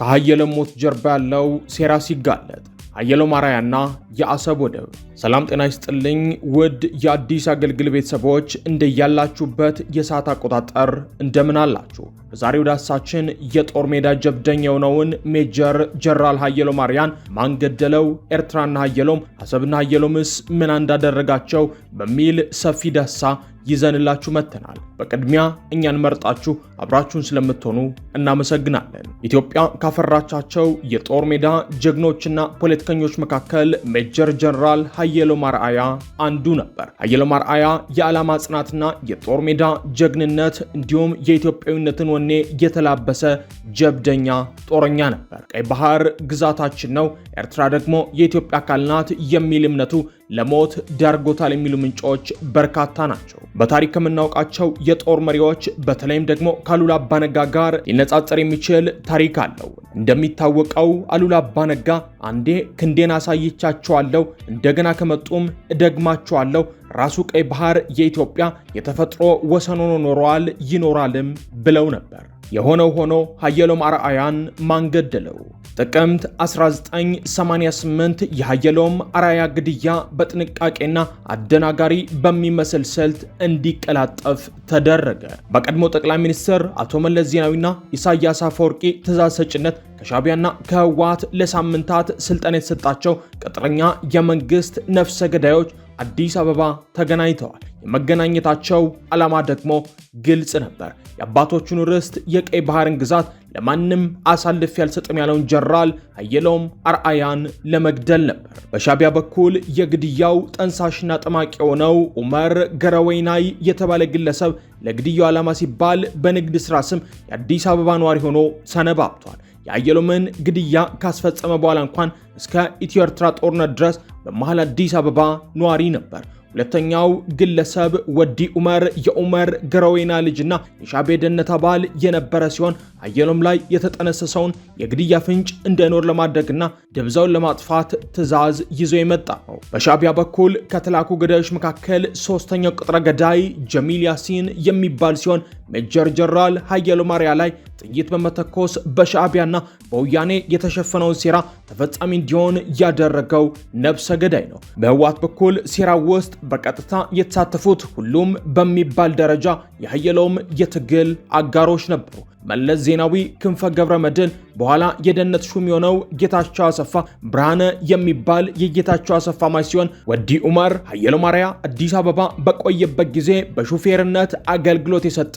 ከሀየሎም ሞት ጀርባ ያለው ሴራ ሲጋለጥ ሀየሎም ማራያና የአሰብ ወደብ። ሰላም ጤና ይስጥልኝ ውድ የአዲስ አገልግል ቤተሰቦች እንደያላችሁበት የሰዓት አቆጣጠር እንደምን አላችሁ? በዛሬው ዳሳችን የጦር ሜዳ ጀብደኝ የሆነውን ሜጀር ጀነራል ሀየሎ ማርያን ማንገደለው ኤርትራና ሀየሎም አሰብና ሀየሎምስ ምን እንዳደረጋቸው በሚል ሰፊ ዳሳ ይዘንላችሁ መጥተናል። በቅድሚያ እኛን መርጣችሁ አብራችሁን ስለምትሆኑ እናመሰግናለን። ኢትዮጵያ ካፈራቻቸው የጦር ሜዳ ጀግኖችና ፖለቲከኞች መካከል ሜጀር ጀነራል ሀየሎም ማርአያ አንዱ ነበር። ሀየሎም ማርአያ የዓላማ ጽናትና የጦር ሜዳ ጀግንነት እንዲሁም የኢትዮጵያዊነትን ወኔ የተላበሰ ጀብደኛ ጦረኛ ነበር። ቀይ ባህር ግዛታችን ነው፣ ኤርትራ ደግሞ የኢትዮጵያ አካል ናት የሚል እምነቱ ለሞት ዳርጎታል የሚሉ ምንጮች በርካታ ናቸው። በታሪክ ከምናውቃቸው የጦር መሪዎች በተለይም ደግሞ ከአሉላ አባነጋ ጋር ሊነጻጸር የሚችል ታሪክ አለው። እንደሚታወቀው አሉላ አባነጋ አንዴ ክንዴን አሳይቻቸዋለሁ፣ እንደገና ከመጡም እደግማቸዋለሁ ራሱ ቀይ ባህር የኢትዮጵያ የተፈጥሮ ወሰን ሆኖ ኖሯል፣ ይኖራልም ብለው ነበር። የሆነው ሆኖ ሀየሎም አርአያን ማን ገደለው? ጥቅምት 1988 የሀየሎም አርአያ ግድያ በጥንቃቄና አደናጋሪ በሚመስል ስልት እንዲቀላጠፍ ተደረገ። በቀድሞ ጠቅላይ ሚኒስትር አቶ መለስ ዜናዊና ኢሳያስ አፈወርቂ ትእዛዝ ሰጭነት ከሻቢያና ከህወሓት ለሳምንታት ስልጠና የተሰጣቸው ቅጥረኛ የመንግስት ነፍሰ ገዳዮች አዲስ አበባ ተገናኝተዋል። የመገናኘታቸው ዓላማ ደግሞ ግልጽ ነበር። የአባቶቹን ርስት የቀይ ባህርን ግዛት ለማንም አሳልፍ ያልሰጥም ያለውን ጀራል አየለውም አርአያን ለመግደል ነበር። በሻቢያ በኩል የግድያው ጠንሳሽና ጠማቂ የሆነው ኡመር ገረወይናይ የተባለ ግለሰብ ለግድያው ዓላማ ሲባል በንግድ ሥራ ስም የአዲስ አበባ ነዋሪ ሆኖ ሰነባብቷል። የአየሎምን ግድያ ካስፈጸመ በኋላ እንኳን እስከ ኢትዮ ኤርትራ ጦርነት ድረስ በመሃል አዲስ አበባ ነዋሪ ነበር። ሁለተኛው ግለሰብ ወዲ ዑመር የኡመር ገረዌና ልጅና የሻቤ ደነት አባል የነበረ ሲሆን አየሎም ላይ የተጠነሰሰውን የግድያ ፍንጭ እንዳይኖር ለማድረግና ደብዛውን ለማጥፋት ትዕዛዝ ይዞ የመጣ ነው። በሻቢያ በኩል ከተላኩ ገዳዮች መካከል ሶስተኛው ቅጥረ ገዳይ ጀሚል ያሲን የሚባል ሲሆን ሜጀር ጀነራል ሀየሎ ማርያ ላይ ጥይት በመተኮስ በሻቢያና በወያኔ የተሸፈነውን ሴራ ተፈጻሚ እንዲሆን ያደረገው ነብሰ ገዳይ ነው። በህዋት በኩል ሴራ ውስጥ በቀጥታ የተሳተፉት ሁሉም በሚባል ደረጃ የሀየለውም የትግል አጋሮች ነበሩ። መለስ ዜናዊ ክንፈ ገብረ መድን፣ በኋላ የደህንነት ሹም የሆነው ጌታቸው አሰፋ ብርሃነ የሚባል የጌታቸው አሰፋ ማች ሲሆን ወዲ ኡመር ሀየሎ ማርያ አዲስ አበባ በቆየበት ጊዜ በሹፌርነት አገልግሎት የሰጠ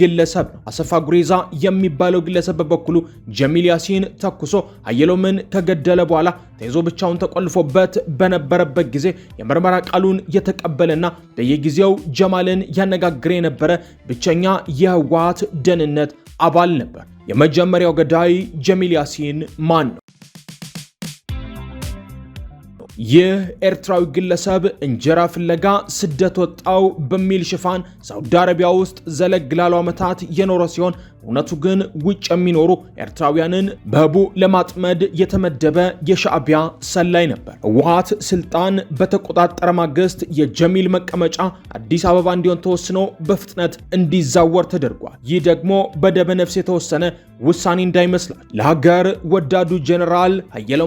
ግለሰብ ነው። አሰፋ ጉሬዛ የሚባለው ግለሰብ በበኩሉ ጀሚል ያሲን ተኩሶ ሀየሎምን ከገደለ በኋላ ተይዞ ብቻውን ተቆልፎበት በነበረበት ጊዜ የምርመራ ቃሉን የተቀበለና በየጊዜው ጀማልን ያነጋግር የነበረ ብቸኛ የህወሓት ደህንነት አባል ነበር። የመጀመሪያው ገዳይ ጀሚል ያሲን ማን ነው? ይህ ኤርትራዊ ግለሰብ እንጀራ ፍለጋ ስደት ወጣው በሚል ሽፋን ሳውዲ አረቢያ ውስጥ ዘለግ ላሉ ዓመታት የኖረ ሲሆን እውነቱ ግን ውጭ የሚኖሩ ኤርትራውያንን በቡ ለማጥመድ የተመደበ የሻዕቢያ ሰላይ ነበር። ህወሓት ስልጣን በተቆጣጠረ ማግስት የጀሚል መቀመጫ አዲስ አበባ እንዲሆን ተወስኖ በፍጥነት እንዲዛወር ተደርጓል። ይህ ደግሞ በደመ ነፍስ የተወሰነ ውሳኔ እንዳይመስላል። ለሀገር ወዳዱ ጀኔራል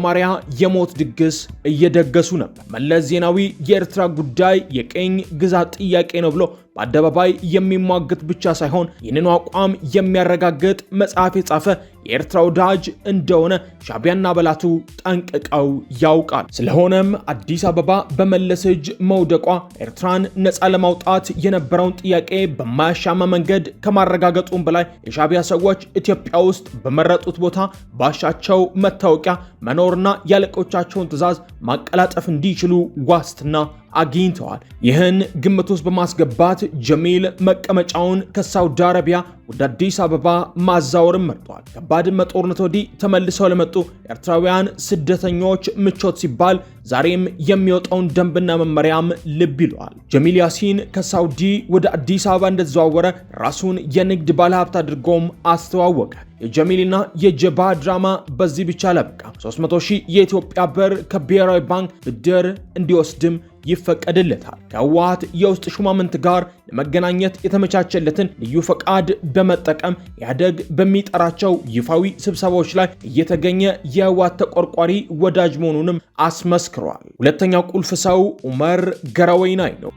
ማርያ የሞት ድግስ እየደገሱ ነበር። መለስ ዜናዊ የኤርትራ ጉዳይ የቅኝ ግዛት ጥያቄ ነው ብሎ በአደባባይ የሚሟገት ብቻ ሳይሆን ይህንኑ አቋም የሚያረጋግጥ መጽሐፍ የጻፈ የኤርትራ ወዳጅ እንደሆነ ሻቢያና አባላቱ ጠንቅቀው ያውቃል። ስለሆነም አዲስ አበባ በመለስ እጅ መውደቋ ኤርትራን ነፃ ለማውጣት የነበረውን ጥያቄ በማያሻማ መንገድ ከማረጋገጡም በላይ የሻቢያ ሰዎች ኢትዮጵያ ውስጥ በመረጡት ቦታ ባሻቸው መታወቂያ መኖርና ያለቆቻቸውን ትዕዛዝ ማቀላጠፍ እንዲችሉ ዋስትና አግኝተዋል። ይህን ግምት ውስጥ በማስገባት ጀሚል መቀመጫውን ከሳውዲ አረቢያ ወደ አዲስ አበባ ማዛወርም መርጧል። ከባድመ ጦርነት ወዲህ ተመልሰው ለመጡ ኤርትራውያን ስደተኞች ምቾት ሲባል ዛሬም የሚወጣውን ደንብና መመሪያም ልብ ይለዋል። ጀሚል ያሲን ከሳውዲ ወደ አዲስ አበባ እንደተዘዋወረ ራሱን የንግድ ባለሀብት አድርጎም አስተዋወቀ። የጀሚልና የጀባ ድራማ በዚህ ብቻ አላበቃ። 300 ሺህ የኢትዮጵያ ብር ከብሔራዊ ባንክ ብድር እንዲወስድም ይፈቀድለታል። ከህወሓት የውስጥ ሹማምንት ጋር ለመገናኘት የተመቻቸለትን ልዩ ፈቃድ በመጠቀም ያደግ በሚጠራቸው ይፋዊ ስብሰባዎች ላይ እየተገኘ የህወሓት ተቆርቋሪ ወዳጅ መሆኑንም አስመስክ መስክሯል። ሁለተኛው ቁልፍ ሰው ኡመር ገረወይናይ ነው።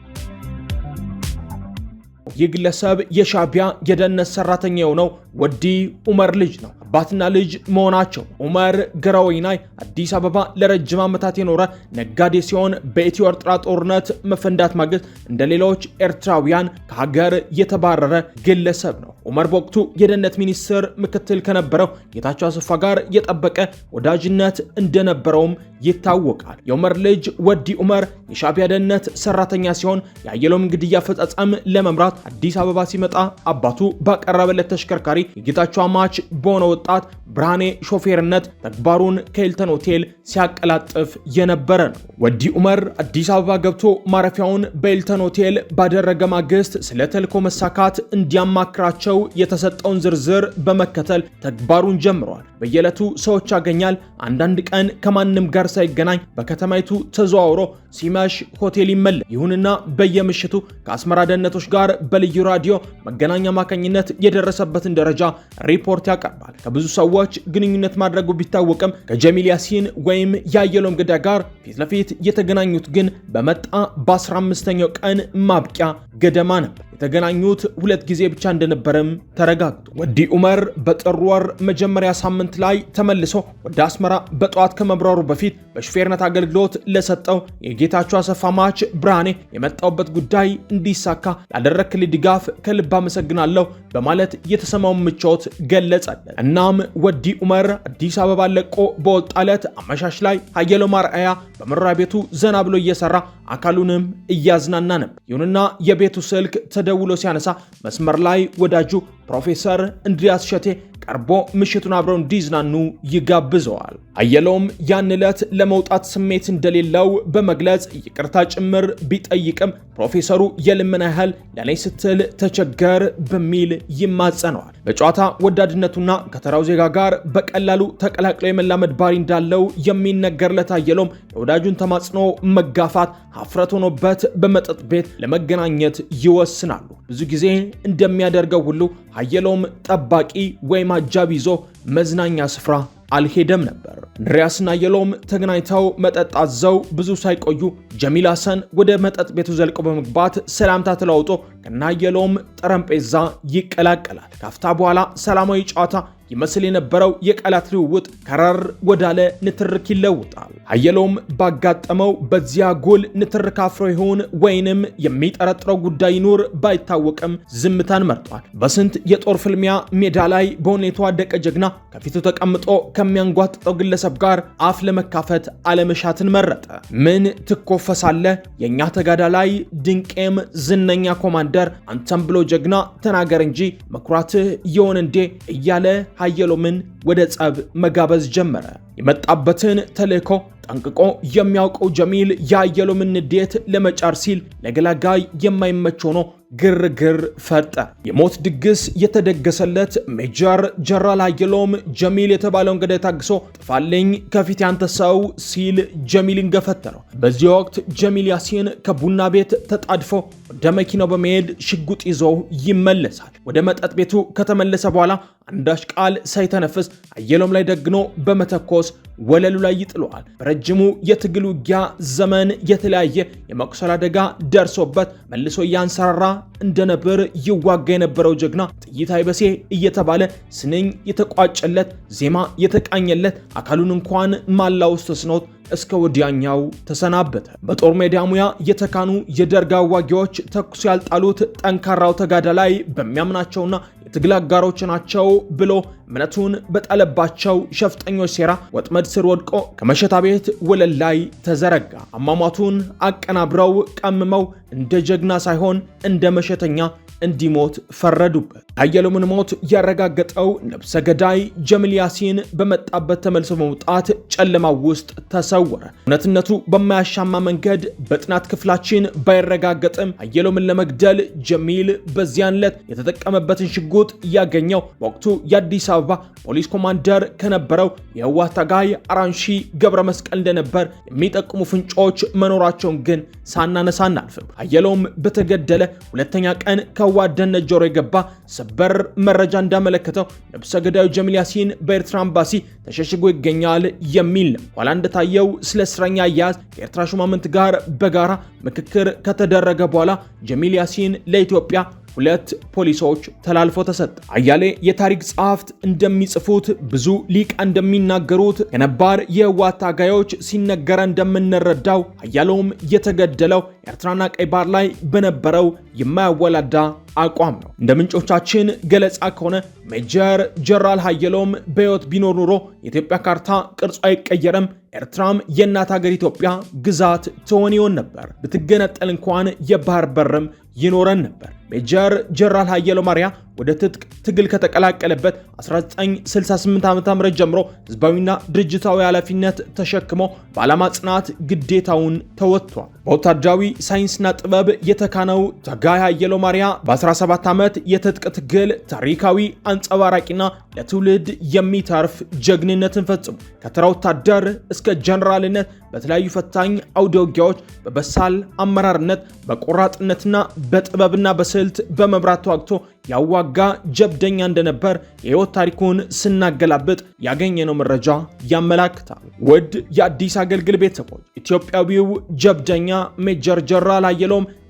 ይህ ግለሰብ የሻዕቢያ የደህንነት ሰራተኛ የሆነው ወዲ ኡመር ልጅ ነው። አባትና ልጅ መሆናቸው ኡመር ገረወይናይ አዲስ አበባ ለረጅም ዓመታት የኖረ ነጋዴ ሲሆን በኢትዮ ኤርትራ ጦርነት መፈንዳት ማግስት እንደ ሌሎች ኤርትራውያን ከሀገር የተባረረ ግለሰብ ነው። ኡመር በወቅቱ የደህንነት ሚኒስትር ምክትል ከነበረው ጌታቸው አሰፋ ጋር የጠበቀ ወዳጅነት እንደነበረውም ይታወቃል። የኡመር ልጅ ወዲ ኡመር የሻቢያ ደህንነት ሰራተኛ ሲሆን የአየሎም ግድያ አፈጻጸም ለመምራት አዲስ አበባ ሲመጣ አባቱ ባቀረበለት ተሽከርካሪ የጌታቸው አማች በሆነ ወጣት ብርሃኔ ሾፌርነት ተግባሩን ከሂልተን ሆቴል ሲያቀላጥፍ የነበረ ነው። ወዲ ኡመር አዲስ አበባ ገብቶ ማረፊያውን በሂልተን ሆቴል ባደረገ ማግስት ስለ ተልኮ መሳካት እንዲያማክራቸው ሰው የተሰጠውን ዝርዝር በመከተል ተግባሩን ጀምረዋል። በየዕለቱ ሰዎች ያገኛል። አንዳንድ ቀን ከማንም ጋር ሳይገናኝ በከተማይቱ ተዘዋውሮ ሲመሽ ሆቴል ይመለስ። ይሁንና በየምሽቱ ከአስመራ ደህንነቶች ጋር በልዩ ራዲዮ መገናኛ አማካኝነት የደረሰበትን ደረጃ ሪፖርት ያቀርባል። ከብዙ ሰዎች ግንኙነት ማድረጉ ቢታወቅም ከጀሚል ያሲን ወይም የአየሎም ግዳ ጋር ፊት ለፊት የተገናኙት ግን በመጣ በ15ኛው ቀን ማብቂያ ገደማ ነበር። የተገናኙት ሁለት ጊዜ ብቻ እንደነበረም ተረጋግጡ። ወዲ ኡመር በጥር ወር መጀመሪያ ሳምንት ላይ ተመልሶ ወደ አስመራ በጠዋት ከመብረሩ በፊት በሹፌርነት አገልግሎት ለሰጠው የጌታቸው አሰፋ ማች ብርሃኔ የመጣውበት ጉዳይ እንዲሳካ ላደረክልኝ ድጋፍ ከልብ አመሰግናለሁ በማለት የተሰማውን ምቾት ገለጸለት። እናም ወዲ ኡመር አዲስ አበባ ለቆ በወጣ ዕለት አመሻሽ ላይ ሀየሎም ማርአያ በመኖሪያ ቤቱ ዘና ብሎ እየሰራ አካሉንም እያዝናና ነበር። ይሁንና የቤቱ ስልክ ተደውሎ ሲያነሳ መስመር ላይ ወዳጁ ፕሮፌሰር እንድሪያስ ሸቴ ቀርቦ ምሽቱን አብረው እንዲዝናኑ ይጋብዘዋል። አየለውም ያን ዕለት ለመውጣት ስሜት እንደሌለው በመግለጽ ይቅርታ ጭምር ቢጠይቅም ፕሮፌሰሩ የልምን ያህል ለእኔ ስትል ተቸገር በሚል ይማጸነዋል። በጨዋታ ወዳድነቱና ከተራው ዜጋ ጋር በቀላሉ ተቀላቅሎ የመላመድ ባህሪ እንዳለው የሚነገርለት አየለውም የወዳጁን ተማጽኖ መጋፋት ሀፍረት ሆኖበት በመጠጥ ቤት ለመገናኘት ይወስናሉ። ብዙ ጊዜ እንደሚያደርገው ሁሉ አየለውም ጠባቂ ወይም ማጃብ ይዞ መዝናኛ ስፍራ አልሄደም ነበር። እንድሪያስና የሎም ተገናኝተው መጠጥ አዘው ብዙ ሳይቆዩ ጀሚል ሐሰን ወደ መጠጥ ቤቱ ዘልቆ በመግባት ሰላምታ ተለዋውጦ ከናየሎም ጠረጴዛ ይቀላቀላል። ካፍታ በኋላ ሰላማዊ ጨዋታ ይመስል የነበረው የቃላት ልውውጥ ከረር ወዳለ ንትርክ ይለውጣል። አየሎም ባጋጠመው በዚያ ጎል ንትርክ አፍሮ ይሆን ወይንም የሚጠረጥረው ጉዳይ ይኑር ባይታወቅም ዝምታን መርጧል። በስንት የጦር ፍልሚያ ሜዳ ላይ በሁኔቱ አደቀ ጀግና ከፊቱ ተቀምጦ ከሚያንጓጥጠው ግለሰብ ጋር አፍ ለመካፈት አለመሻትን መረጠ። ምን ትኮፈሳለ? የእኛ ተጋዳ ላይ ድንቄም ዝነኛ ኮማንደር አንተም ብሎ ጀግና ተናገር እንጂ መኩራትህ የሆን እንዴ እያለ ሀየሎምን ወደ ጸብ መጋበዝ ጀመረ። የመጣበትን ተልእኮ ጠንቅቆ የሚያውቀው ጀሚል የአየሎምን ንዴት ለመጫር ሲል ለገላጋይ የማይመች ሆኖ ግርግር ፈጠረ። የሞት ድግስ የተደገሰለት ሜጀር ጀነራል አየሎም ጀሚል የተባለውን ገዳይ ታግሶ ጥፋልኝ ከፊት ያንተ ሰው ሲል ጀሚልን ገፈተረው። በዚህ ወቅት ጀሚል ያሲን ከቡና ቤት ተጣድፎ ወደ መኪናው በመሄድ ሽጉጥ ይዞ ይመለሳል። ወደ መጠጥ ቤቱ ከተመለሰ በኋላ አንዳች ቃል ሳይተነፍስ አየሎም ላይ ደግኖ በመተኮስ ወለሉ ላይ ይጥለዋል። በረጅሙ የትግል ውጊያ ዘመን የተለያየ የመቁሰል አደጋ ደርሶበት መልሶ እያንሰራራ እንደ ነብር ይዋጋ የነበረው ጀግና ጥይት አይበሴ እየተባለ ስንኝ የተቋጨለት ዜማ የተቃኘለት አካሉን እንኳን ማላወስ ተስኖት እስከ ወዲያኛው ተሰናበተ። በጦር ሜዳ ሙያ የተካኑ የደርግ አዋጊዎች ተኩስ ያልጣሉት ጠንካራው ተጋዳ ላይ በሚያምናቸውና የትግል አጋሮች ናቸው ብሎ እምነቱን በጣለባቸው ሸፍጠኞች ሴራ ወጥመድ ስር ወድቆ ከመሸታ ቤት ወለል ላይ ተዘረጋ። አሟሟቱን አቀናብረው ቀምመው እንደ ጀግና ሳይሆን እንደ መሸተኛ እንዲሞት ፈረዱበት። የአየሎምን ሞት ያረጋገጠው ነብሰ ገዳይ ጀሚል ያሲን በመጣበት ተመልሶ መውጣት ጨለማው ውስጥ ተሰወረ። እውነትነቱ በማያሻማ መንገድ በጥናት ክፍላችን ባይረጋገጥም አየሎምን ለመግደል ጀሚል በዚያን ዕለት የተጠቀመበትን ሽጉጥ ያገኘው በወቅቱ የአዲስ አበባ ፖሊስ ኮማንደር ከነበረው የህወሓት ታጋይ አራንሺ ገብረ መስቀል እንደነበር የሚጠቁሙ ፍንጮች መኖራቸውን ግን ሳናነሳ አናልፍም። አየለውም በተገደለ ሁለተኛ ቀን ከህወሓት ደህንነት ጆሮ የገባ ሰበር መረጃ እንዳመለከተው ነብሰ ገዳዩ ጀሚል ያሲን በኤርትራ አምባሲ ተሸሽጎ ይገኛል የሚል ነው። ኋላ እንደታየው ስለ እስረኛ አያያዝ ከኤርትራ ሹማምንት ጋር በጋራ ምክክር ከተደረገ በኋላ ጀሚል ያሲን ለኢትዮጵያ ሁለት ፖሊሶች ተላልፎ ተሰጠ። አያሌ የታሪክ ጸሐፍት እንደሚጽፉት ብዙ ሊቃ እንደሚናገሩት ከነባር የህወሓት ታጋዮች ሲነገረ እንደምንረዳው አያሌውም የተገደለው ኤርትራና ቀይ ባህር ላይ በነበረው የማያወላዳ አቋም ነው። እንደ ምንጮቻችን ገለጻ ከሆነ ሜጀር ጀራል ሀየሎም በህይወት ቢኖር ኑሮ የኢትዮጵያ ካርታ ቅርጹ አይቀየርም፣ ኤርትራም የእናት ሀገር ኢትዮጵያ ግዛት ትሆን ይሆን ነበር። ብትገነጠል እንኳን የባህር በርም ይኖረን ነበር። ሜጀር ጀነራል ሀየሎም ማርያ ወደ ትጥቅ ትግል ከተቀላቀለበት 1968 ዓ.ም ጀምሮ ህዝባዊና ድርጅታዊ ኃላፊነት ተሸክሞ በዓላማ ጽናት ግዴታውን ተወጥቷል። በወታደራዊ ሳይንስና ጥበብ የተካነው ታጋይ ሀየሎም ማርያ በ17 ዓመት የትጥቅ ትግል ታሪካዊ አንጸባራቂና ለትውልድ የሚተርፍ ጀግንነትን ፈጽሞ ከተራ ወታደር እስከ ጀነራልነት በተለያዩ ፈታኝ አውደ ውጊያዎች በበሳል አመራርነት በቆራጥነትና በጥበብና በስልት በመብራት ተዋግቶ ያዋጋ ጀብደኛ እንደነበር የህይወት ታሪኩን ስናገላብጥ ያገኘነው መረጃ ያመላክታል። ውድ የአዲስ አገልግል ቤተሰቦች ኢትዮጵያዊው ጀብደኛ ሜጀር ጀነራል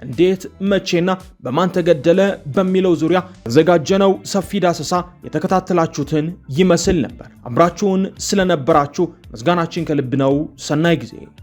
እንዴት መቼና በማን ተገደለ በሚለው ዙሪያ ያዘጋጀነው ሰፊ ዳሰሳ የተከታተላችሁትን ይመስል ነበር። አብራችሁን ስለነበራችሁ ምስጋናችን ከልብ ነው። ሰናይ ጊዜ